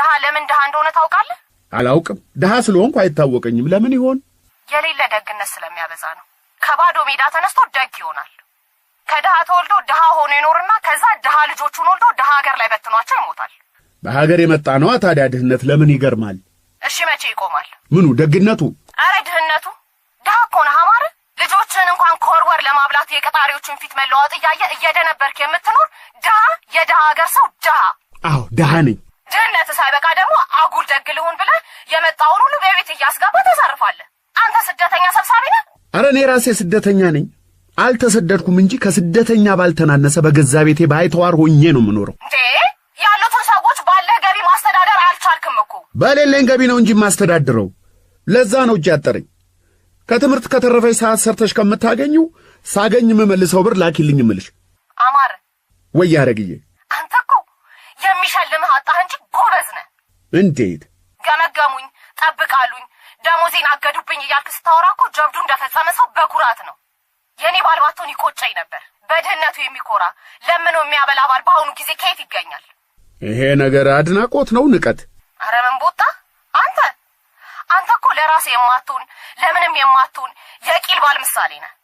ድሃ ለምን ድሃ እንደሆነ ታውቃለህ? አላውቅም። ድሃ ስለሆንኩ አይታወቀኝም። ለምን ይሆን? የሌለ ደግነት ስለሚያበዛ ነው። ከባዶ ሜዳ ተነስቶ ደግ ይሆናል። ከድሃ ተወልዶ ድሃ ሆኖ ይኖርና ከዛ ድሃ ልጆቹን ወልዶ ድሃ ሀገር ላይ በትኗቸው ይሞታል። በሀገር የመጣ ነዋ። ታዲያ ድህነት ለምን ይገርማል? እሺ መቼ ይቆማል? ምኑ ደግነቱ? አረ ድህነቱ። ድሃ እኮ ነህ አማረ። ልጆችን እንኳን ከወርወር ለማብላት የቀጣሪዎችን ፊት መለዋወጥ እያየ እየደነበርክ የምትኖር ድሃ፣ የድሃ ሀገር ሰው ድሃ። አዎ ድሃ ነኝ። ደግ ልሁን ብለህ የመጣውን ሁሉ በቤት እያስገባ ተሳርፋለህ። አንተ ስደተኛ ሰብሳቢ ነህ። አረ እኔ ራሴ ስደተኛ ነኝ። አልተሰደድኩም እንጂ ከስደተኛ ባልተናነሰ በገዛ ቤቴ ባይተዋር ሆኜ ነው የምኖረው። እንዴ ያሉትን ሰዎች ባለ ገቢ ማስተዳደር አልቻልክም እኮ። በሌለኝ ገቢ ነው እንጂ ማስተዳድረው። ለዛ ነው እጅ ያጠረኝ ከትምህርት ከተረፈች ሰዓት ሰርተሽ ከምታገኙ ሳገኝ የምመልሰው ብር ላኪልኝ ምልሽ። አማረ ወይ ያረግዬ፣ አንተ እኮ የሚሸልምህ አጣህ እንጂ ጎበዝ ነህ። እንዴት ገመገሙኝ፣ ጠብቃሉኝ፣ ደሞዜን አገዱብኝ እያልክ ስታወራ እኮ ጀብዱ እንደፈጸመ ሰው በኩራት ነው። የእኔ ባል ባትሆን ይቆጨኝ ነበር። በድህነቱ የሚኮራ ለምኖ የሚያበላ ባል በአሁኑ ጊዜ ከየት ይገኛል? ይሄ ነገር አድናቆት ነው ንቀት? አረምን ቦታ አንተ አንተ እኮ ለራስ የማትሆን ለምንም የማትሆን የቂል ባል ምሳሌ ነህ።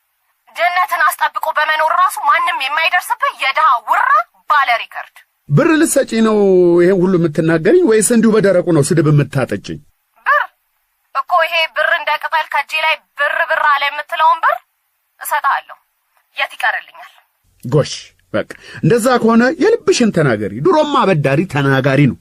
ድህነትን አስጠብቆ በመኖር ራሱ ማንም የማይደርስብህ የድሃ ውራ ባለ ሪከርድ ብር ልሰጪ ነው ይሄን ሁሉ የምትናገርኝ ወይስ እንዲሁ በደረቁ ነው ስድብ የምታጠጭኝ? እኮ ይሄ ብር እንደ ቅጠል ከእጄ ላይ ብር ብር አለ የምትለውን ብር እሰጥሃለሁ። የት ይቀርልኛል? ጎሽ በቃ እንደዛ ከሆነ የልብሽን ተናገሪ። ድሮማ አበዳሪ ተናጋሪ ነው።